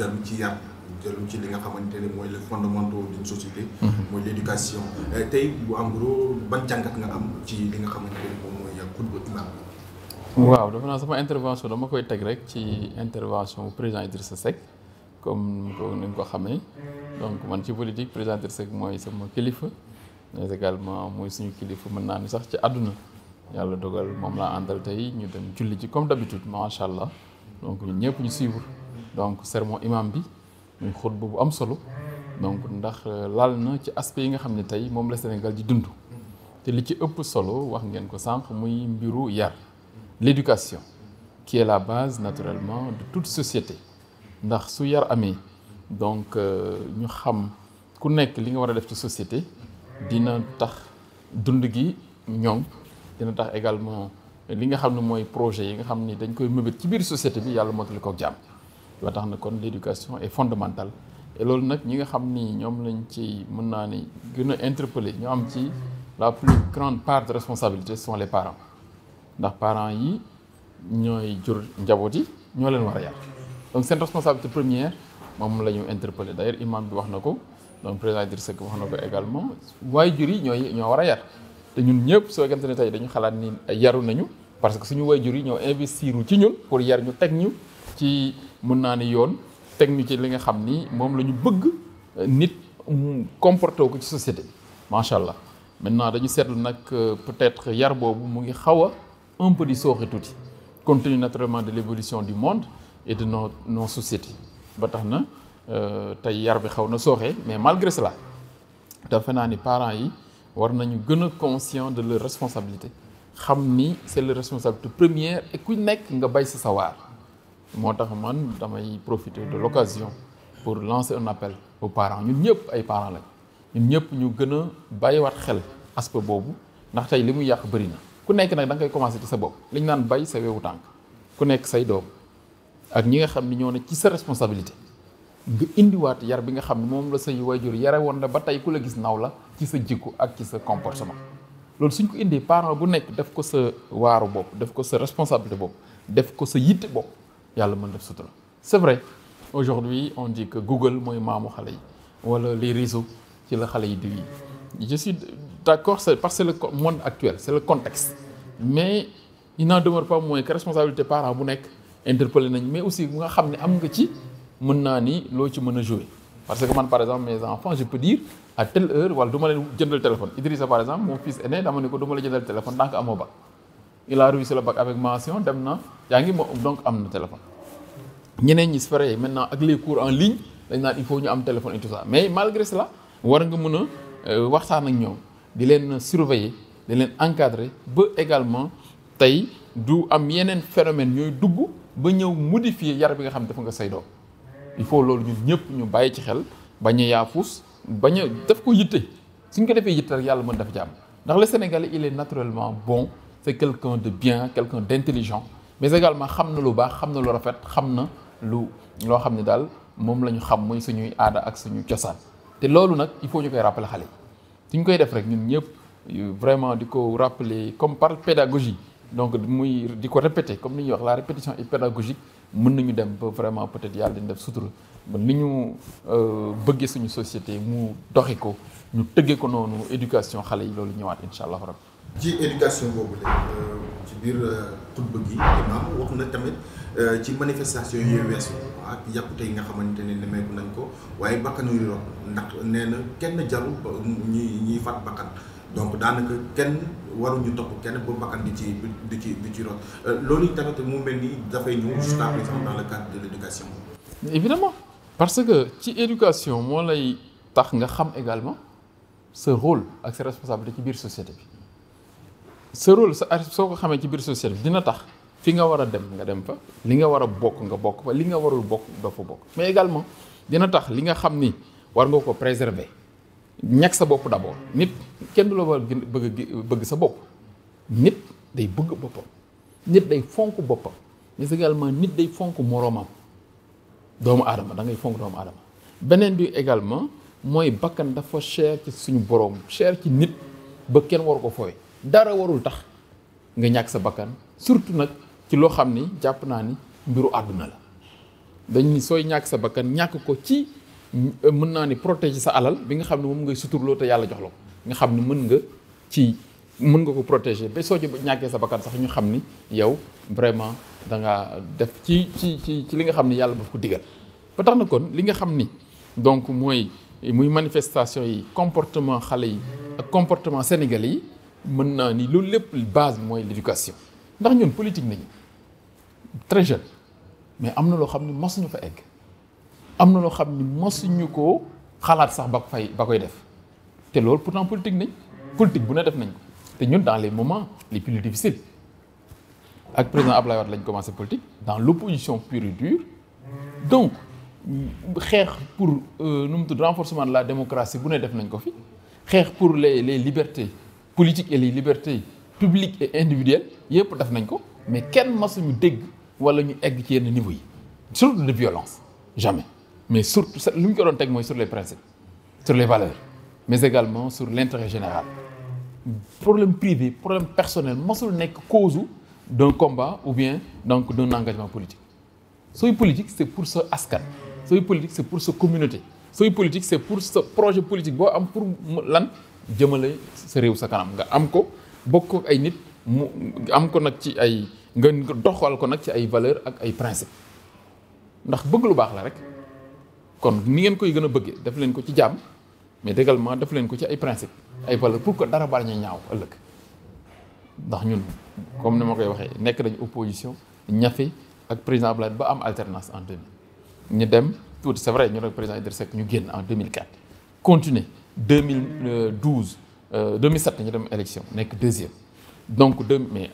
dellu ci ci li nga xamante ne mooy les fondamentaux mhm. euh, am ci waaw dafa naa sama intervention dama koy teg rek ci intervention président Idrissa Seck comme ni nga ko xamee donc man ci politique président Idrissa Seck mooy sama kilifa mais également mooy suñu kilifa mën naa ni sax ci àdduna yàlla dogal moom laa àndal tey ñu dem julli ci comme d'habitude macha allah donc ñun ñëpp ñu suivre donc sermon imam bi muy xutba bu am solo donc ndax euh, laal na ci aspect yi nga xam ne tey moom la Sénégal di dund te li ci ëpp solo wax ngeen ko sànq muy mbiru yar l'éducation qui est la base naturellement de toute société ndax su yar amee donc euh, ñu xam ku nekk li nga war a def ci société dina tax dund gi ñoŋ dina tax également li nga xam ne mooy projet yi nga xam ni dañ koy mëbët ci biir société bi yàlla mootali ko jàmm ba tax na kon l'éducation est fondamentale et loolu nag ñi nga xam ni ñoom lañ ci mën naa ni gën a ñoo am ci la plus grande part de responsabilité ce les parents ndax parents yi ñooy jur njaboot yi ñoo leen war a yar donc seen responsabilité première moom la ñu interpellé d'ailleurs imam bi wax na ko donc président Idrissa Seck wax na ko également jur yi ñooy ñoo war a yar te ñun ñëpp soo gëmte ne tey dañu xalaat ni yaru nañu parce que suñu waajur yi ñoo investir ci ñun pour yar ñu teg ñu ci mun naa ni yoon teg li nga xam ni moom la ñu bëgg euh, nit comporté wu ko ci société bi macha allah maintenant dañu seetlu nag euh, peut-être yar boobu mu ngi xaw a un di sooxe tuuti continuer tenu naturellement de l'évolution du monde et de nos nos sociétés ba tax na euh, tey yar bi xaw na sooxe mais malgré cela dafa naa ni parent yi war nañu gën a conscient de leur responsabilité xam ni c'est leur responsabilité première et ku nekk nga bay sa sawaar moo tax man damay profiter de l'occasion pour lancer un appel aux parents ñun ñëpp ay parents lañ ñun ñëpp ñu gën a bàyyiwaat xel aspect boobu ndax tey li muy yàq bëri ku nekk nag da nga koy commencer ci sa bopp li ñu naan bay sa wewu tànk ku nekk say doom ak ñi nga xam ni ñoo ne ci sa responsabilité nga indiwaat yar bi nga xam ne moom la say waajur yare woon la ba tey ku la gis naw la ci sa jikko ak ci sa comportement loolu suñ ko indee parent bu nekk def ko sa waaru bopp def ko sa responsabilité bopp def ko sa yitte bopp yàlla mën def sutura c'est vrai aujourd'hui on dit que Google mooy maamu xale yi wala les réseaux ci la xale yi di je suis d'accord c'est parce que le monde actuel c'est le contexte mais il n'en demeure pas moins que responsabilité parent bu nekk interpellé nañ mais aussi bu nga xam ni am nga ci mën naa ni loo ci mën a jouer parce que man par exemple mes enfants je peux dire à telle heure wala du ma leen jëndal téléphone Idrissa par exemple mon fils il a réussi le bac avec mention dem na yaa ngi moom donc am na téléphone. ñeneen ñi spare maintenant ak les cours en ligne dañ naan il faut ñu am téléphone et tout ça mais malgré cela war nga mun a euh, waxtaan ak ñoom di leen surveiller di leen encadrer ba également tey du am yeneen phénomène ñooy dugg ba ñëw modifier yar bi nga xam ne dafa nga say il faut loolu ñu ñëpp ñu bàyyi ci xel bañ yaa yaafuus bañ a def ko yitte suñ ko defee yitte yàlla mën dafa jàmm ndax le Sénégalais il bon c'est quelqu'un de bien quelqu'un d'intelligent mais également xam na lu baax xam na lu rafet xam na lu loo xam ne daal moom la ñu xam muy suñuy aada ak suñu cosaan te loolu nag il faut ñu koy rappeler xale yi suñ koy def rek ñun ñëpp vraiment di ko rappeler comme par pédagogie donc muy di ko répéter comme ni ñuy wax la répétition et pédagogique mën nañu dem ba vraiment peut-être yàlla dañ def sutura ba ni ñu euh, bëggee suñu société mu doxi ko ñu tëggee ko noonu éducation xale yi loolu ñëwaat incha allah rabbi ci éducation boobu la euh, ci biir euh, xutba gi imaam wax na tamit euh, ci manifestation yooyu weesu ah, ak yàqute tey nga xamante ne nemmeeku nañ ko waaye bakkanu yu rot ndax nee na kenn jarul ñi ñuy faat bakkan donc daanaka kenn waruñu topp kenn ba bakkan di ci di ci di ci rot loolu tamit mu mel ni dafay ñëw hmm. jusqu'à présent dans le cadre de l'éducation évidemment parce que ci éducation moo lay tax nga xam également sa rôle ak sa responsabilité ci biir société bi sa rôle soo ko xamee ci biir société bi dina tax fi nga war a dem nga dem fa li nga war a bokk nga bokk fa li nga warul bokk doo fa bokk mais également dina tax li nga xam ni war nga ko préserver ñàkk sa bopp d'abord nit kenn du la war bëgg bëgg sa bopp nit day bëgg boppam nit day fonk boppam mais également nit day fonk moroomam doomu aadama da ngay fonk doomu aadama beneen bi également mooy bakkan dafa cher ci suñu boroom cher ci nit ba kenn waru ko fooy dara warul tax nga ñàkk sa bakkan surtout nag ci loo xam ni jàpp naa ni mbiru àdduna la dañ ni sooy ñàkk sa bakkan ñàkk ko ci euh, mën naa ni protéger sa alal bi nga xam ne moom ngay suturloo te yàlla jox la ko nga xam ne mën nga ci mën nga ko protéger ba soo ci ñàkkee sa bakkan sax ñu xam ni yow vraiment da nga def ci ci ci ci li nga xam ni yàlla daf ko digal ba tax na kon li nga xam ni donc mooy muy manifestation yi comportement xale yi ak comportement sénégal yi mën naa ni loolu lépp base bi mooy l'éducation ndax ñun politique nañu très jeune mais am na loo xam ne mosuñu fa egg am na loo xam ne mosuñu ko xalaat sax ba fay ba koy def te loolu pourtant politique nañ politique bu ne def nañ ko te ñun dans les moments les plus difficiles ak président Ablaye Wade lañ commencé politique dans l'opposition pure et dure donc xeex pour euh, nu mu tudd renforcement de la démocratie bu ne def nañ ko fi xeex pour les les libertés politique et les libertés publiques et individuelles yëpp def nañ ko mais kenn masuñu dégg wala ñu egg ci yenn niveau yi surtout de violence jamais mais surtout li ñu ko doon teg mooy sur les principes sur les valeurs mais également sur l'intérêt général problème privé problème personnel masul nekk cause d'un combat ou bien donc d'un engagement politique sooy politique c'est pour sa askan sooy politique c'est pour sa communauté sooy politique c'est pour sa projet politique boo am pour lan jëmale sa réew sa kanam nga am ko bokk ay nit mu am ko nag ci ay nga doxal ko nag ci ay valeur ak ay principe ndax bëgg lu baax la rek kon ni ngeen koy gën a bëggee def leen ko ci jàmm mais également def leen ko ci ay principe ay valeur pour que dara bañ a ñaaw ëllëg ndax ñun comme ni ma koy waxee nekk dañu opposition ñafe ak président Abdoulaye ba am alternance en 2000 ñu dem tout c'est vrai ñu ne président Idrissa Seck ñu génn en 2004 continuer 2012 2007 dañu dem élection nekk deuxième donc deux mais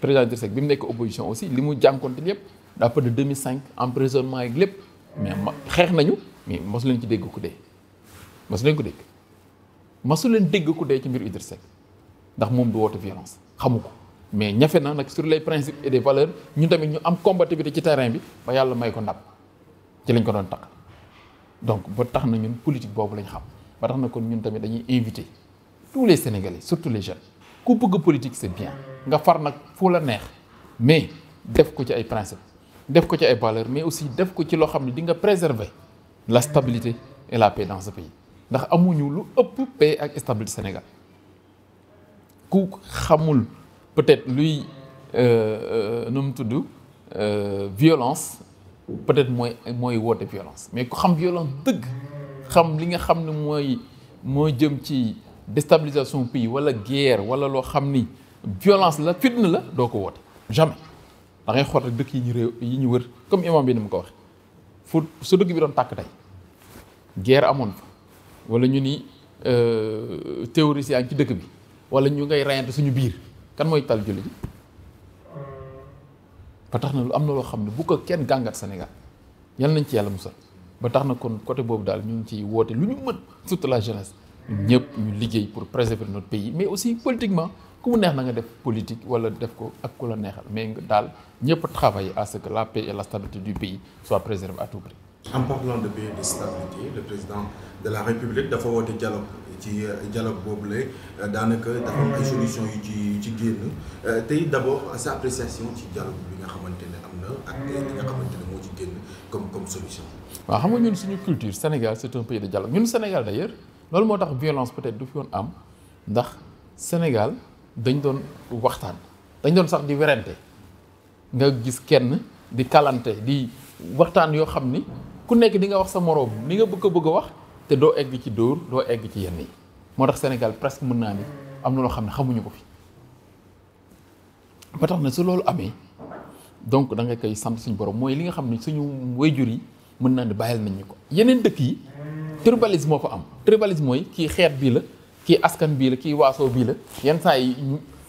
président Idrissa Seck bi mu nekk opposition aussi li mu jànkoonte lépp d'après de 2005 emprisonnement yeeg lépp mais xeex nañu mais mosu leen ci dégg ko dee mosu leen ko dégg mosu leen dégg ku dee ci mbir Idrissa Seck ndax moom du woote violence xamu ko mais ñafe na nag sur les principes et des valeurs ñun tamit ñu am combativité ci terrain bi ba yàlla may ko ndam ci lañ ko doon takk donc ba tax na ñun politique boobu lañ xam. ba tax na kon ñun tamit dañuy invité tous les sénégalais surtout les jeunes ku bëgg politique c'est bien nga far nag foo la neex mais def ko ci ay principes def ko ci ay valeurs mais aussi def ko ci loo xam ne di nga préserver la stabilité et la paix dans ce pays ndax amuñu lu ëpp paix ak stabilité Sénégal ku xamul peut-être luy euh, euh, nu mu tudd euh, violence peut-être mooy mooy woote violence mais ku xam violence dëgg. xam li nga xam ne mooy moo jëm ci destabilisation pays wala guerre wala loo xam ni violence la fitna la doo ko woote jamais da ngay dëkk yi ñu réew yi ñu wër comme imam bi ni mu ko waxee fu su dëkk bi doon tàkk tey guerre amoon fa wala ñu ni euh, terroristes yaa ngi ci dëkk bi wala ñu ngay rayante suñu biir kan mooy tal julli ji ba tax na lu am na loo xam ne bu ko kenn gàngat Sénégal yal nañ ci yàlla musal ba tax na kon côté boobu daal ñu ngi ciy woote lu ñu mën surtout la jeunesse ñëpp ñu liggéey pour préserver notre pays mais aussi politiquement ku mu neex na nga def politique wala def ko ak ku la neexal mais nga daal ñëpp travailler à ce que la paix et la stabilité du pays soient préservées à tout prix. en parlant de paix et de stabilité le président de la république dafa woote dialogue ci dialogue boobu la daanaka dafa am solution yu ci ci génn euh, tey d' abord sa appréciation ci dialogue bi nga xamante ne am na ak li waaw xam nga ñun suñu culture Sénégal c'est un pays de dialogue ñun Sénégal d'ailleurs loolu moo tax violence peut-être du fi woon am ndax Sénégal dañ doon waxtaan dañ doon sax di werante nga gis kenn di kalante di waxtaan yoo xam ni ku nekk di nga wax sa moroom li nga bëgg bëgg a wax te doo egg ci dóor doo egg ci yenn yi moo tax Sénégal presque mën naa ni am na loo xam ne xamuñu ko fi ba tax na su loolu amee donc da nga koy sant suñu borom mooy li nga xam ne suñu wayjur yi mën naa ne bàyyil nañ ñu ko yeneen dëkk yi tribalisme moo fa am tribalisme mooy kii xeet bii la kii askan bii la kii waaso bii la yenn saa yi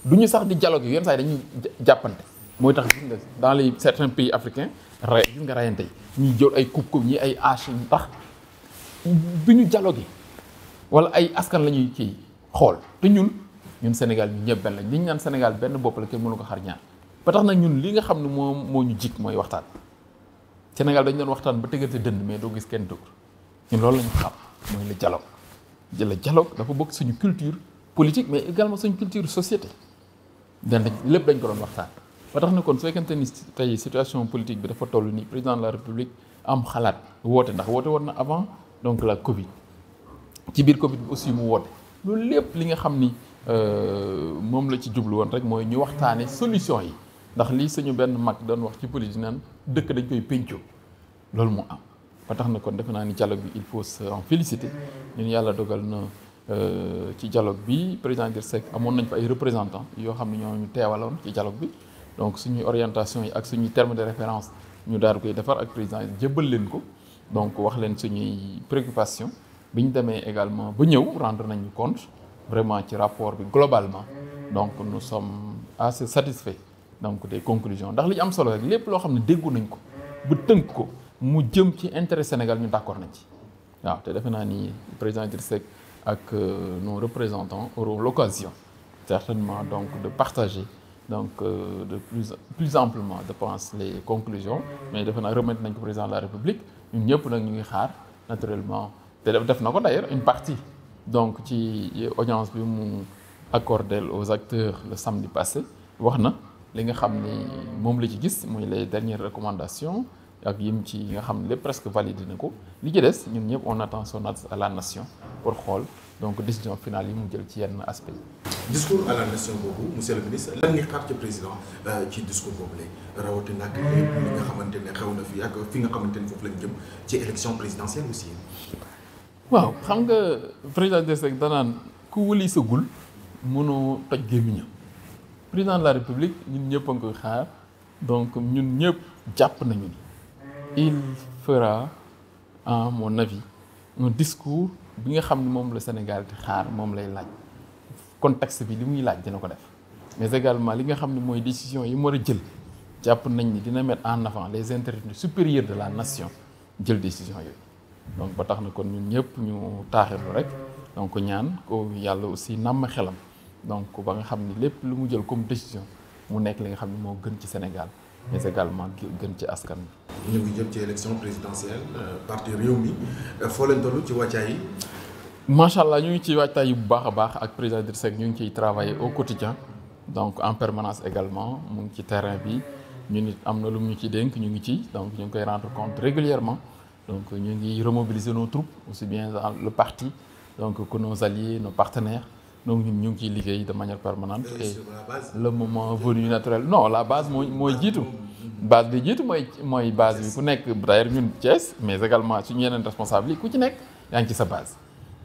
du ñu sax di jaloo gi yenn saa yi dañuy jàppante mooy tax gis nga dans les certains pays africains ray gis rayante yi jël ay coupe coupe ay hache yu tax ñu dialogue yi wala ay askan lañuy ñuy xool te ñun ñun Sénégal ñu ñëpp benn lañ ñu naan Sénégal benn bopp la kenn mënu ko xar ñaar ba tax na ñun li nga xam ne moom moo ñu jik mooy waxtaan Sénégal dañ doon waxtaan ba tëggante dënd mais doo gis kenn dóor ñun loolu la ñu xam mooy le dialogue le dialogue dafa bokk suñu culture politique mais également suñu culture société dan lépp dañ ko doon waxtaan ba tax na kon su fekkente ni tey situation politique bi dafa toll nii président de la république am xalaat woote ndax woote woon na avant donc la covid ci biir covid bi aussi mu woote loolu lépp li nga xam ni euh, moom la ci jublu woon rek mooy ñu waxtaane solution yi ndax lii suñu benn mag doon wax ci politique naan dëkk dañ koy péncoo loolu moo am ba tax na kon defe naa ni dialogue bi il faut s'en féliciter ñun yàlla dogal na euh, ci dialogue bi président Idriss Seck amoon nañ fa ay représentant yoo xam ne ñoo ñu teewaloon ci dialogue bi donc suñuy orientation yi ak suñuy terme de référence ñu daal koy defar ak président jébbal leen ko donc wax leen suñuy préoccupation bi ñu demee également ba ñëw rendre nañu compte vraiment ci rapport bi globalement donc nous sommes assez satisfaits donc des conclusions ndax li am solo rek lépp loo xam ne déggu nañ ko bu tënk ko mu jëm ci intérêt Sénégal ñu d'accord nañ ci waaw te defe naa nii président Idriss sec ak euh, nos représentants auront l'occasion certainement donc de partager donc euh, de plus plus amplement de pense les conclusions mais defe naa remettre nañ ko président la République ñun ñëpp nag ñu ngi xaar naturellement te def na ko d'ailleurs une partie donc ci audience bi mu accordé aux acteurs le samedi passé wax na li nga xam ni moom la ci gis muy les dernières recommandation ak yim ci nga xam ne lépp presque validé na ko li ci des ñun ñëpp on attend son à la nation pour xool donc décision finale yi mu jël ci yenn aspect yi. discours à la nation boobu monsieur le ministre lan nga xaar ci président euh, ci discours boobu léegi rawatina ak lépp nga xamante ne xew na fi ak fi nga xamante ni foofu lañ jëm ci élection présidentielle aussi. waaw xam nga président de danaan ku wëli sa gul mënoo toj gémmiñam président de la république ñun ñëpp a koy xaar donc ñun ñëpp jàpp nañu ni il fera à mon avis discours bi nga xam ni moom la Sénégal di xaar moom lay laaj contexte bi li muy laaj dina ko def mais également li nga xam ne mooy décision yi mu war a jël jàpp nañ ni dina mettre en avant les intérêts supérieurs de la nation jël décision yooyu donc ba tax na kon ñun ñëpp ñu taaxirlu rek donc ñaan ko yàlla aussi nàmm xelam donc ba nga xam ni lépp lu mu jël comme décision mu nekk li nga xam ni moo gën ci Sénégal mais également gën ci askan bi. ñu ngi jël ci élection présidentielle euh, parti réew mi euh, foo leen toll ci wàccaay yi. macha allah ñu ngi ci wàccaay yi bu baax a baax ak président Idrissa Seck ñu ngi ciy travailler au quotidien donc en permanence également mu ngi ci terrain bi ñu nit am na lu ñu ci dénk ñu ngi ci donc ñu ngi koy rendre compte régulièrement donc ñu ngi remobiliser nos troupes aussi bien le parti donc que nos alliés nos donc ñu ngi ciy liggéey de manière permanente euh, et le moment venu naturel non la base mooy mooy jiitu base bi jiitu mooy mooy base bi ku nekk d'ailleurs ñun Thiès mais également suñu yeneen responsable yi ku ci nekk yaa ngi ci sa base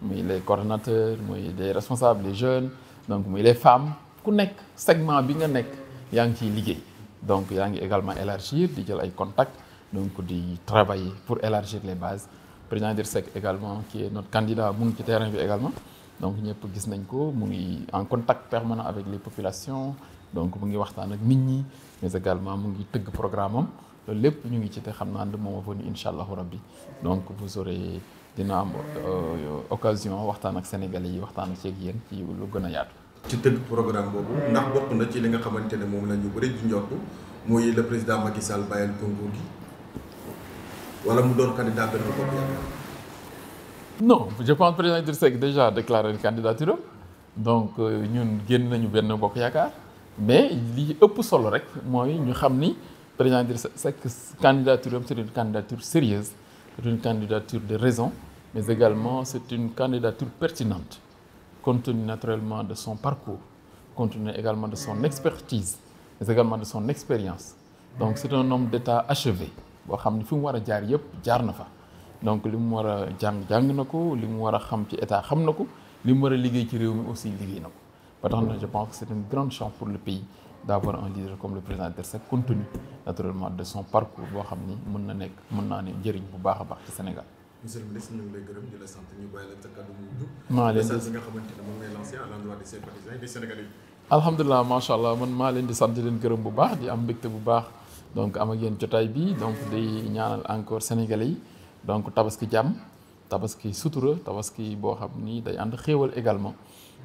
muy les coordonnateurs muy les responsables les jeunes donc muy les femmes ku nekk segment bi nga nekk yaa ngi ciy liggéey donc yaa ngi également élargir di jël ay contacts donc di travailler pour élargir les bases président Idy Seck également qui est notre candidat mu ngi ci terrain bi également donc ñëpp gis nañ ko mu ngi en contact permanent avec les populations donc mu ngi waxtaan ak nit ñi mais également mu ngi tëgg programme am loolu lépp ñu ngi ci te xam naa ne moom a venu incha allahu rabbi donc vous aurez dina am euh, occasion waxtaan ak sénégalais yi waxtaan ak yéen ci lu gën a yaatu. ci tëgg programme boobu ndax bokk na ci li nga xamante ne moom la ñu bëri di njort mooy le président ma Sall bàyyil ko nguur gi wala mu doon candidat benn bopp yaakaar. non je pense président Idrissa Seck déjà déclaré candidature am donc euh, ñun génn nañu benn bokk yaakaar mais li ëpp solo rek mooy ñu xam ni président Idrissa Seck candidature am c'est une candidature sérieuse c'est une candidature de raison mais également c'est une candidature pertinente compte naturellement de son parcours compte tenu également de son expertise mais également de son expérience donc c'est un homme d'État achevé boo xam ni fi mu war a jaar yëpp jaar na fa donc li mu war a jàng jàng na ko li mu war a xam ci état xam na ko li mu war a liggéey ci réew mi aussi liggéey na ko ba tax na je pense c'est une grande chance pour le pays d'avoir un leader comme le président Tersek compte tenu naturellement de son parcours boo xam ni mën na nekk mën naa ne njëriñ bu baax a baax ci Sénégal. monsieur le gërëm di sant ñu bàyyi la sa kàddu bu mujj. maa leen di message nga xamante ne moom ngay lancé à l'endroit des sympathisants et des Sénégalais maa leen di sant di leen gërëm bu baax di am mbégte bu baax donc am ak yéen jotaay bi donc day ñaanal encore Sénégalais donc tabaski jàmm tabaski sutura tabaski boo xam ni day ànd xéewal également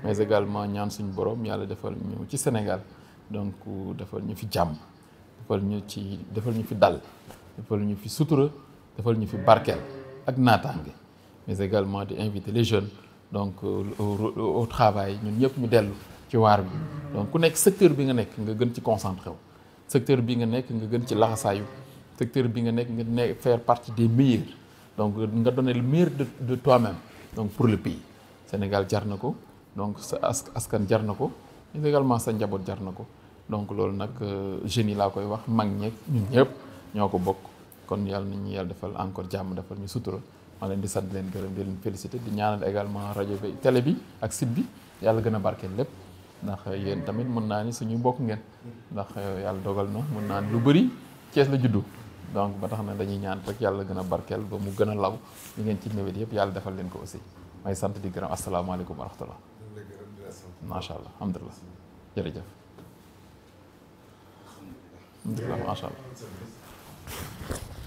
mais également ñaan suñu borom yàlla defal ñu ci Sénégal donc defal ñu fi jàmm defal ñu ci defal ñu fi dal defal ñu fi sutura defal ñu fi barkeel ak naataange mais également di inviter les jeunes donc euh, au travail ñun ñëpp ñu dellu ci waar bi donc ku nekk secteur bi nga nekk nga gën ci concentré wu secteur bi nga nekk nga gën ci laxasaayu secteur bi nga nekk nga ne faire partie des meilleurs donc nga donner le meilleur de de toi-même donc pour le pays Sénégal jar na ko donc sa askan jar na ko mais également sa njaboot jar na ko donc loolu nag euh, jeunes yi laa koy wax mag ñeeg ñun ñëpp ñoo ko bokk kon yàlla na ñu yàlla defal encore jàmm defal ñu sutura ma leen di sant leen gërëm di leen félicité di ñaanal également rajo bi télé bi ak site bi yàlla gën a barkeel lépp ndax euh, yéen tamit mën naa ni suñu bokk ngeen ndax euh, yàlla dogal na mën naa ni lu bëri Cees la juddu donc ba tax na dañuy ñaan rek yàlla gën a barkeel ba mu gën a law ñu ngeen ci mébét yëpp yàlla defal leen ko aussi may sant di gërëm asalaamaaleykum wa rahmatullah macha allah alhamdulilah jërëjëf alhamdulilah